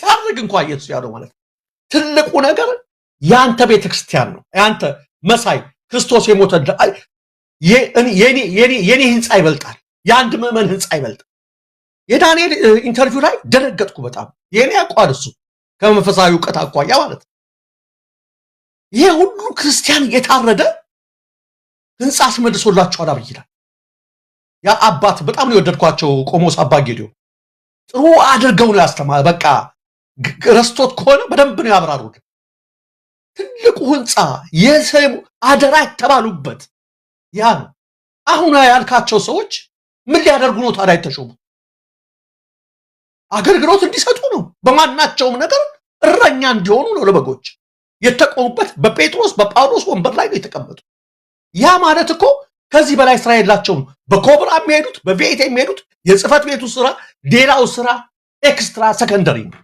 ሲያደርግ እንኳ ኢየሱስ ያለው ማለት ትልቁ ነገር የአንተ ቤተክርስቲያን ነው። የአንተ መሳይ ክርስቶስ የሞተ የኔ ህንፃ ይበልጣል። የአንድ ምዕመን ህንፃ ይበልጣል። የዳንኤል ኢንተርቪው ላይ ደነገጥኩ በጣም የኔ ያቋል እሱ ከመንፈሳዊ እውቀት አኳያ ማለት ነው። ይሄ ሁሉ ክርስቲያን የታረደ ህንፃ አስመልሶላችኋል አብይ ይላል። ያ አባት በጣም ነው የወደድኳቸው ቆሞስ አባ ጌዲዮ ጥሩ አድርገው ነው ያስተማረ። በቃ ረስቶት ከሆነ በደንብ ነው ያብራሩት። ትልቁ ህንፃ የሰሙ አደራ የተባሉበት ያ ነው። አሁን ያልካቸው ሰዎች ምን ሊያደርጉ ነው ታዲያ የተሾሙት? አገልግሎት እንዲሰጡ ነው። በማናቸውም ነገር እረኛ እንዲሆኑ ነው ለበጎች። የተቆሙበት በጴጥሮስ በጳውሎስ ወንበር ላይ ነው የተቀመጡ። ያ ማለት እኮ ከዚህ በላይ ስራ የላቸውም። በኮብራ የሚሄዱት በቪኤት የሚሄዱት የጽህፈት ቤቱ ስራ፣ ሌላው ስራ ኤክስትራ ሰከንደሪ ነው።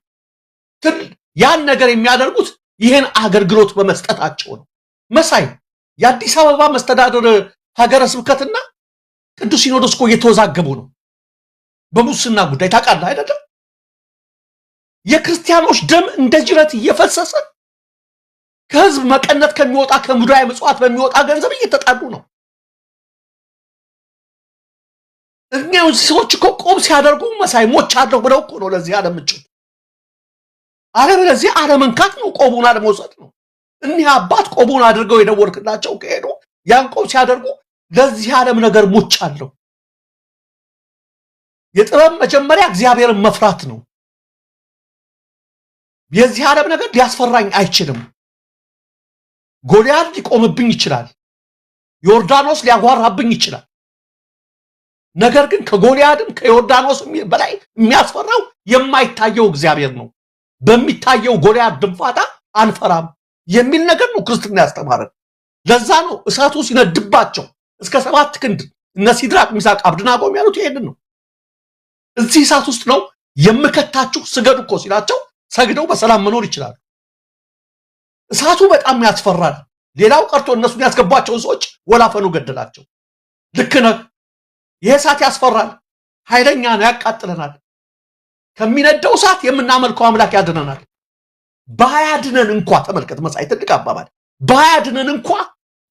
ግን ያን ነገር የሚያደርጉት ይህን አገልግሎት በመስጠታቸው ነው። መሳይ የአዲስ አበባ መስተዳደር ሀገረ ስብከትና ቅዱስ ሲኖዶስ እኮ እየተወዛገቡ ነው በሙስና ጉዳይ ታውቃለህ አይደለም? የክርስቲያኖች ደም እንደ ጅረት እየፈሰሰ ከህዝብ መቀነት ከሚወጣ ከሙዳየ ምጽዋት በሚወጣ ገንዘብ እየተጣሉ ነው። እኛ ሰዎች እኮ ቆም ሲያደርጉ መሳይ ሞች ብለው እኮ ነው ለዚህ ዓለም ምንጭ አለበለዚያ አለመንካት ነው፣ ቆቡን አለመውሰድ ነው። እኒህ አባት ቆቡን አድርገው የደወልክላቸው ከሄዱ ያን ቆብ ሲያደርጉ ለዚህ ዓለም ነገር ሙጭ አለው። የጥበብ መጀመሪያ እግዚአብሔርን መፍራት ነው። የዚህ ዓለም ነገር ሊያስፈራኝ አይችልም። ጎልያድ ሊቆምብኝ ይችላል። ዮርዳኖስ ሊያጓራብኝ ይችላል። ነገር ግን ከጎልያድም ከዮርዳኖስም በላይ የሚያስፈራው የማይታየው እግዚአብሔር ነው። በሚታየው ጎልያድ ድንፋታ አንፈራም የሚል ነገር ነው ክርስትና ያስተማረን። ለዛ ነው እሳቱ ሲነድባቸው እስከ ሰባት ክንድ እነ ሲድራቅ ሚሳቅ አብድናጎ የሚያሉት ይሄንን ነው። እዚህ እሳት ውስጥ ነው የምከታችሁ ስገዱ እኮ ሲላቸው ሰግደው በሰላም መኖር ይችላሉ። እሳቱ በጣም ያስፈራል። ሌላው ቀርቶ እነሱን ያስገቧቸውን ሰዎች ወላፈኑ ገደላቸው። ልክ ነህ። ይህ እሳት ያስፈራል፣ ኃይለኛ ነው፣ ያቃጥለናል። ከሚነደው እሳት የምናመልከው አምላክ ያድነናል። ባያድነን እንኳ ተመልከት፣ መሳይ ትልቅ አባባል። ባያድነን እንኳ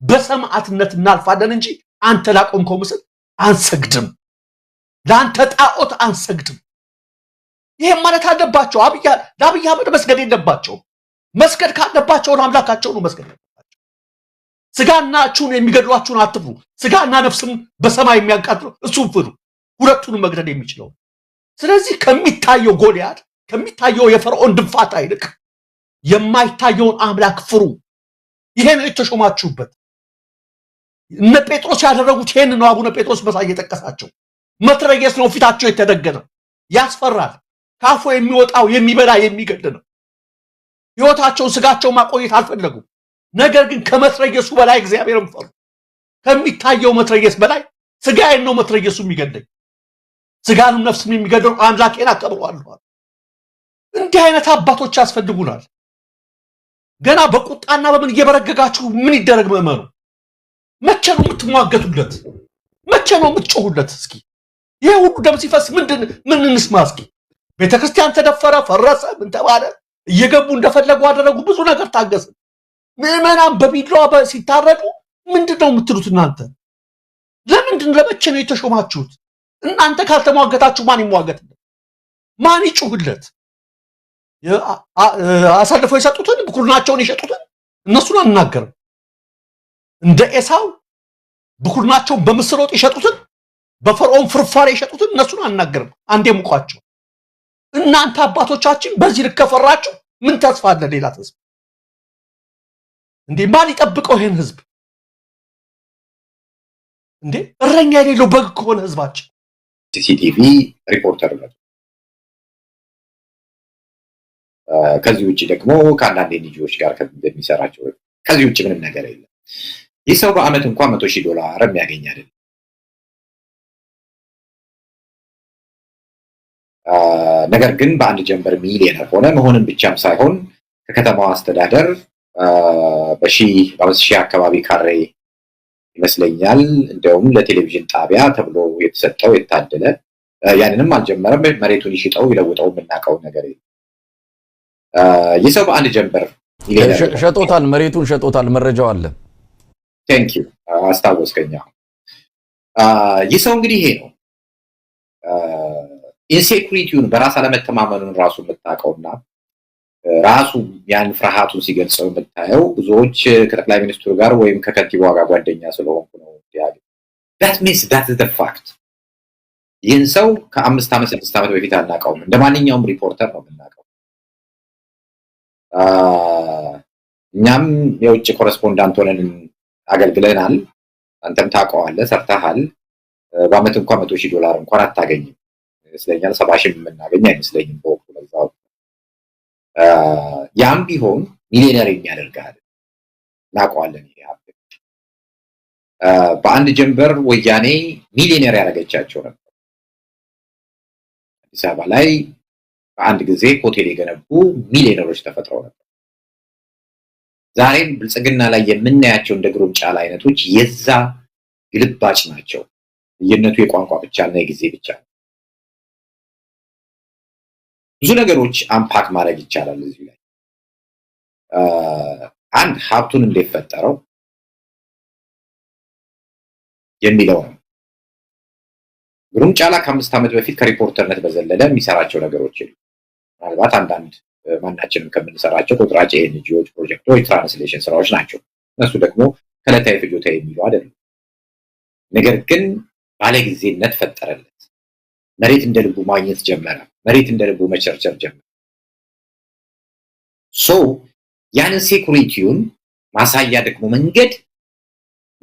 በሰማዕትነት እናልፋለን እንጂ አንተ ላቆምከው ምስል አንሰግድም፣ ለአንተ ጣዖት አንሰግድም። ይህም ማለት አለባቸው። ለአብይ አህመድ መስገድ የለባቸውም። መስገድ ካለባቸው አምላካቸው ነው መስገድ ያለባቸው። ስጋናችሁን የሚገድሏችሁን አትፍሩ፣ ስጋና ነፍስም በሰማይ የሚያቃጥለው እሱ ፍሩ። ሁለቱንም መግደል የሚችለው ስለዚህ ከሚታየው ጎልያድ ከሚታየው የፈርዖን ድንፋታ ይልቅ የማይታየውን አምላክ ፍሩ። ይሄን የተሾማችሁበት እነ ጴጥሮስ ያደረጉት ይሄን ነው። አቡነ ጴጥሮስ መሳይ እየጠቀሳቸው መትረየስ ነው ፊታቸው የተደገነው። ያስፈራል። ካፎ የሚወጣው የሚበላ የሚገድ ነው። ህይወታቸውን ስጋቸው ማቆየት አልፈለጉም። ነገር ግን ከመትረየሱ በላይ እግዚአብሔርን ፈሩ። ከሚታየው መትረየስ በላይ ስጋዬን ነው መትረየሱ የሚገደኝ ስጋንም ነፍስም የሚገድለው አምላኬን አከብረዋለሁ። እንዲህ አይነት አባቶች ያስፈልጉናል። ገና በቁጣና በምን እየበረገጋችሁ ምን ይደረግ? ምዕመኑ መቼ ነው የምትሟገቱለት? መቼ ነው የምትጮሁለት? እስኪ ይህ ሁሉ ደም ሲፈስ ምንድን ምን እንስማ እስኪ። ቤተ ክርስቲያን ተደፈረ፣ ፈረሰ፣ ምን ተባለ፣ እየገቡ እንደፈለጉ አደረጉ፣ ብዙ ነገር ታገሰ። ምዕመናን በቢላዋ ሲታረዱ ምንድን ነው የምትሉት እናንተ? ለምንድን ለመቼ ነው የተሾማችሁት? እናንተ ካልተሟገታችሁ ማን ይሟገትለት? ማን ይጩህለት? አሳልፈው የሰጡትን ብኩርናቸውን የሸጡትን እነሱን አንናገርም። እንደ ኤሳው ብኩርናቸውን በምስር ወጥ የሸጡትን በፈርዖን ፍርፋሪ የሸጡትን እነሱን አንናገርም። አንዴ ሙቋቸው። እናንተ አባቶቻችን በዚህ ልክ ከፈራችሁ ምን ተስፋ አለ? ሌላ ተስፋ እንዴ? ማን ይጠብቀው ይሄን ህዝብ እንዴ? እረኛ የሌለው በግ ከሆነ ህዝባችን ሲቲቪ ሪፖርተር ነው። ከዚህ ውጭ ደግሞ ከአንዳንድ ልጆች ጋር እንደሚሰራቸው ከዚህ ውጭ ምንም ነገር የለም። ይህ ሰው በአመት እንኳን መቶ ሺህ ዶላር የሚያገኝ አይደለም። ነገር ግን በአንድ ጀንበር ሚሊየነር ሆነ። መሆንም ብቻም ሳይሆን ከከተማዋ አስተዳደር በሺህ አካባቢ ካሬ ይመስለኛል። እንዲያውም ለቴሌቪዥን ጣቢያ ተብሎ የተሰጠው የታደለ ያንንም አልጀመረም። መሬቱን ይሽጠው ይለውጠው የምናውቀው ነገር የሰብ በአንድ ጀንበር ሸጦታል፣ መሬቱን ሸጦታል። መረጃው አለ። ቴንኪዩ አስታወስከኛ። ይህ ሰው እንግዲህ ይሄ ነው ኢንሴኩሪቲውን በራስ አለመተማመኑን ራሱ የምታውቀውና ራሱ ያን ፍርሃቱን ሲገልጸው የምታየው ብዙዎች ከጠቅላይ ሚኒስትሩ ጋር ወይም ከከንቲባዋ ጋር ጓደኛ ስለሆንኩ ነው ያሉ ሚንስ ፋክት። ይህን ሰው ከአምስት ዓመት ስድስት ዓመት በፊት አናውቀውም። እንደ ማንኛውም ሪፖርተር ነው የምናውቀው። እኛም የውጭ ኮረስፖንዳንት ሆነን አገልግለናል። አንተም ታውቀዋለህ፣ ሰርተሃል። በአመት እንኳ መቶ ሺህ ዶላር እንኳን አታገኝም ይመስለኛል። ሰባ ሺህ የምናገኝ አይመስለኝም በወቅቱ ያም ቢሆን ሚሊዮነር የሚያደርግሃል እናውቀዋለን። በአንድ ጀንበር ወያኔ ሚሊዮነር ያደረገቻቸው ነበር። አዲስ አበባ ላይ በአንድ ጊዜ ሆቴል የገነቡ ሚሊዮነሮች ተፈጥረው ነበር። ዛሬም ብልጽግና ላይ የምናያቸው እንደ ግሩም ጫላ አይነቶች የዛ ግልባጭ ናቸው። ልዩነቱ የቋንቋ እና የጊዜ ብቻ ነው። ብዙ ነገሮች አምፓክ ማድረግ ይቻላል እዚህ ላይ አንድ ሀብቱን እንዴት ፈጠረው የሚለው ነው። ግሩም ጫላ ከአምስት ዓመት በፊት ከሪፖርተርነት በዘለለ የሚሰራቸው ነገሮች የሉ። ምናልባት አንዳንድ ማናችንም ከምንሰራቸው ቁጥራጭ ኤንጂዎች፣ ፕሮጀክቶች፣ ትራንስሌሽን ስራዎች ናቸው። እነሱ ደግሞ ከዕለታዊ ፍጆታ የሚሉ አይደሉም። ነገር ግን ባለጊዜነት ፈጠረለ መሬት እንደ ልቡ ማግኘት ጀመረ። መሬት እንደ ልቡ መቸርቸር ጀመረ። ሶ ያንን ሴኩሪቲውን ማሳያ ደግሞ መንገድ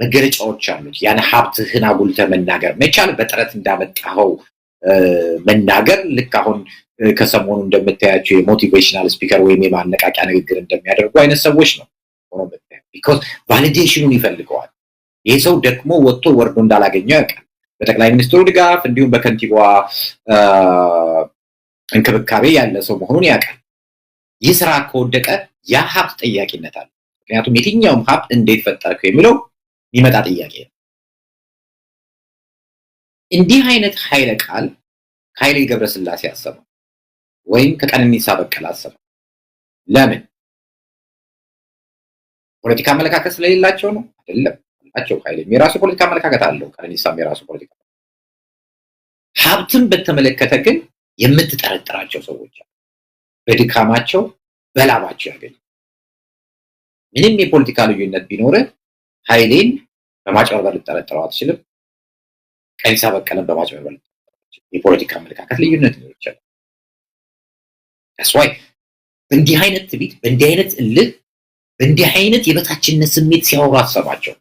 መገለጫዎች አሉት። ያን ሀብትህን አጉልተ መናገር መቻል፣ በጥረት እንዳመጣኸው መናገር ልክ አሁን ከሰሞኑ እንደምታያቸው የሞቲቬሽናል ስፒከር ወይም የማነቃቂያ ንግግር እንደሚያደርጉ አይነት ሰዎች ነው ሆኖ ቢኮዝ ቫሊዴሽኑን ይፈልገዋል። ይህ ሰው ደግሞ ወጥቶ ወርዶ እንዳላገኘው ያውቃል። በጠቅላይ ሚኒስትሩ ድጋፍ እንዲሁም በከንቲባዋ እንክብካቤ ያለ ሰው መሆኑን ያውቃል። ይህ ስራ ከወደቀ ያ ሀብት ጠያቂነት አለ። ምክንያቱም የትኛውም ሀብት እንዴት ፈጠርከው የሚለው የሚመጣ ጥያቄ ነው። እንዲህ አይነት ኃይለ ቃል ከኃይሌ ገብረስላሴ አሰማው ወይም ከቀነኒሳ በቀለ አሰማ? ለምን? ፖለቲካ አመለካከት ስለሌላቸው ነው? አይደለም። አሸብር ኃይሌም የራሱ ፖለቲካ አመለካከት አለው። ቀነኒሳም የራሱ ፖለቲካ ሀብትን በተመለከተ ግን የምትጠረጥራቸው ሰዎች አሉ። በድካማቸው በላባቸው ያገኙ ምንም የፖለቲካ ልዩነት ቢኖር ኃይሌን በማጭበርበር ልጠረጥረው አትችልም። ቀኒሳ በቀለን በማጭበርበር የፖለቲካ አመለካከት ልዩነት ሊኖር ይችላል። ስዋይ በእንዲህ አይነት ትቢት፣ በእንዲህ አይነት እልህ፣ በእንዲህ አይነት የበታችነት ስሜት ሲያወሩ አሰባቸው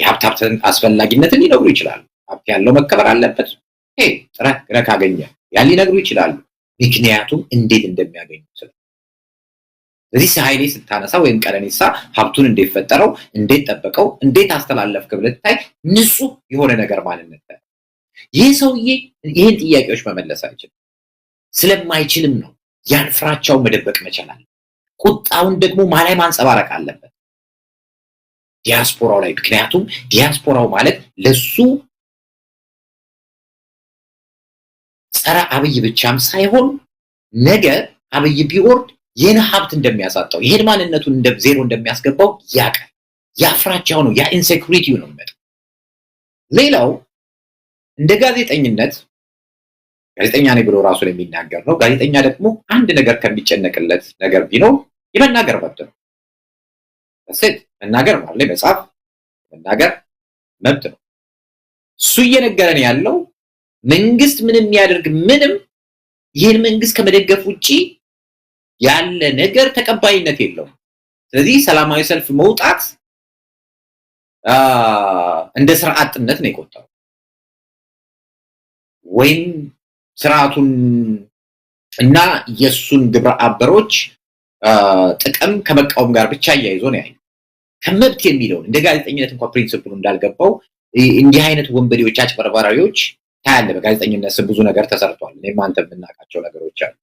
የሀብት ሀብትን አስፈላጊነትን ሊነግሩ ይችላሉ። ሀብት ያለው መከበር አለበት፣ ይሄ ጥረህ ግረህ ካገኘ ያን ሊነግሩ ይችላሉ። ምክንያቱም እንዴት እንደሚያገኙ ስለ ስለዚህ ኃይሌ ስታነሳ ወይም ቀነኒሳ ሀብቱን እንዴት ፈጠረው፣ እንዴት ጠበቀው፣ እንዴት አስተላለፍክ ብለህ ንጹህ የሆነ ነገር ማንነት ይህ ሰውዬ ይህን ጥያቄዎች መመለስ አይችልም። ስለማይችልም ነው ያን ፍራቻው መደበቅ መቻል አለ። ቁጣውን ደግሞ ማላይ ማንጸባረቅ አለበት። ዲያስፖራው ላይ ምክንያቱም ዲያስፖራው ማለት ለሱ ጸረ አብይ ብቻም ሳይሆን ነገ አብይ ቢወርድ ይህን ሀብት እንደሚያሳጣው ይሄን ማንነቱን ዜሮ እንደሚያስገባው ያቀል ያ ነው ያ ኢንሴኩሪቲው ነው የሚመጣው። ሌላው እንደ ጋዜጠኝነት ጋዜጠኛ ነኝ ብሎ ራሱ የሚናገር ነው። ጋዜጠኛ ደግሞ አንድ ነገር ከሚጨነቅለት ነገር ቢኖር የመናገር መብት ነው። ሴት መናገር ማለት ላይ መጽሐፍ መናገር መብት ነው። እሱ እየነገረን ያለው መንግስት ምንም የሚያደርግ ምንም ይህን መንግስት ከመደገፍ ውጪ ያለ ነገር ተቀባይነት የለውም። ስለዚህ ሰላማዊ ሰልፍ መውጣት እንደ ስርዓትነት ነው የቆጠረው ወይም ስርዓቱን እና የእሱን ግብረ አበሮች ጥቅም ከመቃወም ጋር ብቻ እያይዞ ነው ያየ ከመብት የሚለው እንደ ጋዜጠኝነት እንኳ ፕሪንስፕሉ እንዳልገባው እንዲህ አይነት ወንበዴዎች፣ አጭበርባሪዎች ታያለ። በጋዜጠኝነት ብዙ ነገር ተሰርቷል። እኔም አንተ የምናውቃቸው ነገሮች አሉ።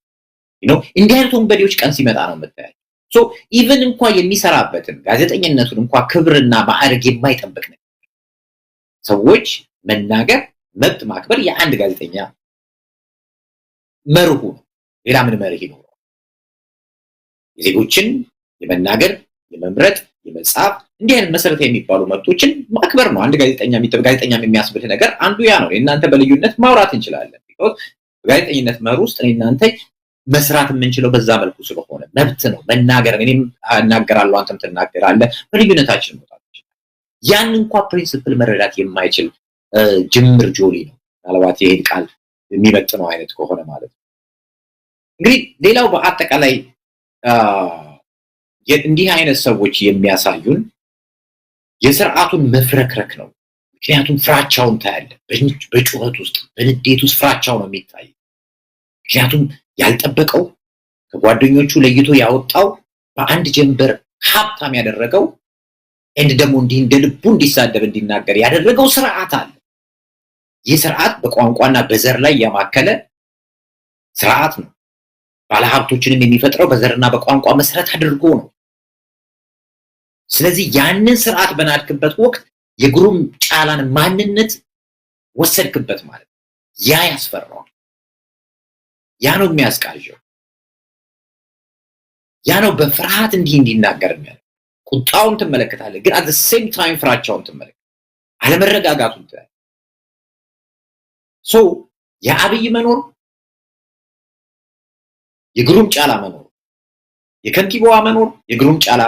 እንዲህ አይነት ወንበዴዎች ቀን ሲመጣ ነው የምታያቸው። ኢቨን እንኳ የሚሰራበትን ጋዜጠኝነቱን እንኳ ክብርና ማዕረግ የማይጠብቅ ነገር ሰዎች መናገር መብት ማክበር የአንድ ጋዜጠኛ መርሁ ነው። ሌላ ምን መርህ ይኖረዋል? የዜጎችን የመናገር የመምረጥ የመጽሐፍ እንዲህ አይነት መሰረታዊ የሚባሉ መብቶችን ማክበር ነው። አንድ ጋዜጠኛ ጋዜጠኛ የሚያስብልህ ነገር አንዱ ያ ነው። እናንተ በልዩነት ማውራት እንችላለን። በጋዜጠኝነት መር ውስጥ እናንተ መስራት የምንችለው በዛ መልኩ ስለሆነ መብት ነው መናገር። እኔም እናገራለሁ፣ አንተም ትናገራለህ። በልዩነታችን መውጣት ያን እንኳ ፕሪንስፕል መረዳት የማይችል ጅምር ጆሊ ነው። ምናልባት ይሄን ቃል የሚመጥነው አይነት ከሆነ ማለት ነው። እንግዲህ ሌላው በአጠቃላይ እንዲህ አይነት ሰዎች የሚያሳዩን የስርዓቱን መፍረክረክ ነው። ምክንያቱም ፍራቻውን ታያለ። በጩኸት ውስጥ በንዴት ውስጥ ፍራቻው ነው የሚታይ። ምክንያቱም ያልጠበቀው ከጓደኞቹ ለይቶ ያወጣው በአንድ ጀንበር ሀብታም ያደረገው እንድ ደግሞ እንዲህ እንደ ልቡ እንዲሳደብ እንዲናገር ያደረገው ስርዓት አለ። ይህ ስርዓት በቋንቋና በዘር ላይ ያማከለ ስርዓት ነው። ባለሀብቶችንም የሚፈጥረው በዘርና በቋንቋ መሰረት አድርጎ ነው። ስለዚህ ያንን ስርዓት በናድክበት ወቅት የግሩም ጫላን ማንነት ወሰድክበት ማለት ነው። ያ ያስፈራዋል። ያ ነው የሚያስቃዣው። ያ ነው በፍርሃት እንዲህ እንዲናገር የሚያደርግ። ቁጣውን ትመለከታለህ፣ ግን አት ሴም ታይም ፍራቻውን ትመለከታለህ፣ አለመረጋጋቱን ሶ የአብይ መኖር የግሩም ጫላ መኖር፣ የከንቲባዋ መኖር የግሩም ጫላ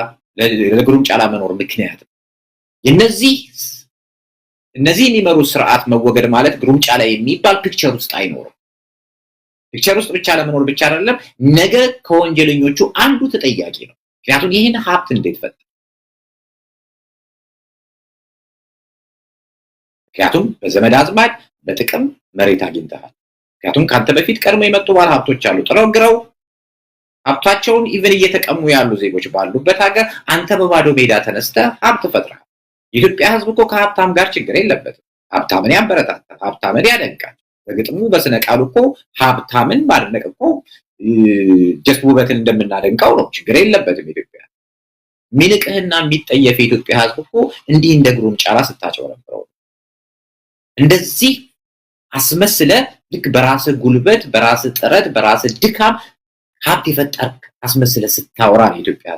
ለግሩም ጫላ መኖር ምክንያት ነው። የነዚህ እነዚህ የሚመሩ ስርዓት መወገድ ማለት ግሩም ጫላ የሚባል ፒክቸር ውስጥ አይኖርም። ፒክቸር ውስጥ ብቻ ለመኖር ብቻ አይደለም፣ ነገ ከወንጀለኞቹ አንዱ ተጠያቂ ነው። ምክንያቱም ይህን ሀብት እንዴት ፈጠ? ምክንያቱም በዘመድ አዝማድ በጥቅም መሬት አግኝተሃል። ምክንያቱም ከአንተ በፊት ቀድሞ የመጡ ባለ ሀብቶች አሉ ጥረው ግረው ሀብታቸውን ኢቨን እየተቀሙ ያሉ ዜጎች ባሉበት ሀገር አንተ በባዶ ሜዳ ተነስተ ሀብት ፈጥረሃል። የኢትዮጵያ ሕዝብ እኮ ከሀብታም ጋር ችግር የለበትም። ሀብታምን ያበረታታል፣ ሀብታምን ያደንቃል። በግጥሙ በስነ ቃሉ እኮ ሀብታምን ማድነቅ እኮ ጀስት ውበትን እንደምናደንቀው ነው። ችግር የለበትም። ኢትዮጵያ ሚንቅህና የሚጠየፍ የኢትዮጵያ ሕዝብ እኮ እንዲህ እንደ ግሩም ጫላ ስታጨው ነበረው እንደዚህ አስመስለ ልክ በራስህ ጉልበት በራስህ ጥረት በራስህ ድካም ሀብት የፈጠርክ አስመስለ ስታወራ ነው የኢትዮጵያ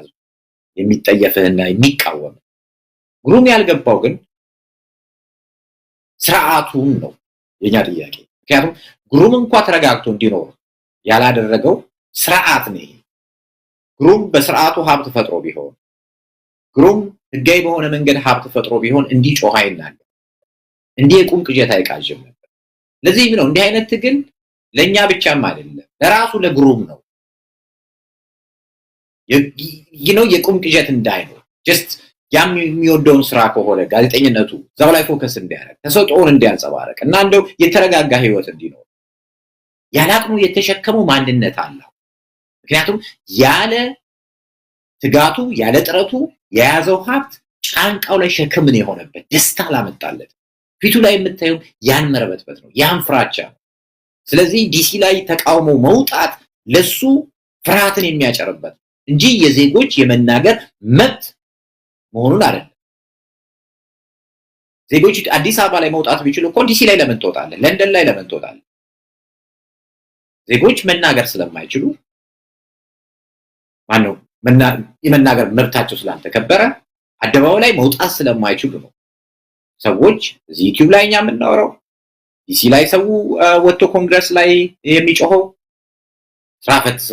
የሚጠየፍህና የሚቃወም። ግሩም ያልገባው ግን ስርዓቱም ነው የኛ ጥያቄ። ምክንያቱም ግሩም እንኳ ተረጋግቶ እንዲኖር ያላደረገው ስርዓት ነው ይሄ። ግሩም በስርዓቱ ሀብት ፈጥሮ ቢሆን ግሩም ህጋዊ በሆነ መንገድ ሀብት ፈጥሮ ቢሆን እንዲህ ጮሃ አይናገር፣ እንዲህ የቁም ቅዠት አይቃዥም ነበር። ለዚህም ነው እንዲህ አይነት ትግል ለእኛ ብቻም አይደለም ለራሱ ለግሩም ነው ነው የቁም ቅዠት እንዳይኖር ጀስት ያም የሚወደውን ስራ ከሆነ ጋዜጠኝነቱ እዛው ላይ ፎከስ እንዲያደርግ ተሰጥኦውን እንዲያንጸባረቅ እና እንደው የተረጋጋ ህይወት እንዲኖር ያላቅሙ የተሸከመው ማንነት አለው። ምክንያቱም ያለ ትጋቱ ያለ ጥረቱ የያዘው ሀብት ጫንቃው ላይ ሸክምን የሆነበት ደስታ ላመጣለት ፊቱ ላይ የምታየው ያን መረበትበት ነው፣ ያን ፍራቻ ነው። ስለዚህ ዲሲ ላይ ተቃውሞ መውጣት ለሱ ፍርሃትን የሚያጨርበት እንጂ የዜጎች የመናገር መብት መሆኑን አይደለም። ዜጎች አዲስ አበባ ላይ መውጣት ቢችሉ እኮ ዲሲ ላይ ለምን ትወጣለህ? ለንደን ላይ ለምን ትወጣለህ? ዜጎች መናገር ስለማይችሉ ማነው የመናገር መብታቸው ስላልተከበረ አደባባይ ላይ መውጣት ስለማይችሉ ነው ሰዎች እዚህ ዩቲዩብ ላይ እኛ የምናወራው ዲሲ ላይ ሰው ወጥቶ ኮንግረስ ላይ የሚጮኸው ስራ ፈት